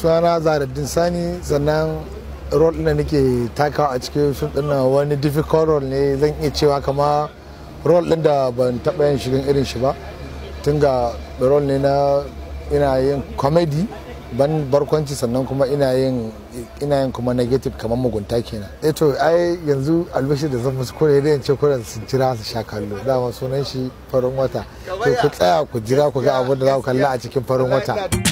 sunana zaradin sani sannan rol na nake takawa a cikin fim din wani difficult role ne zan iya cewa kama rol din da ban taba yin shigan irin shi ba tun ga rol ne na ina yin comedy ban barkwanci sannan kuma ina yin ina yin kuma negative kamar mugunta kenan eh to ai yanzu albashi da zan musu kore da yance kore su jira su sha kallo ma sunan shi farin wata to ku tsaya ku jira ku ga abin da za ku kalla a cikin farin wata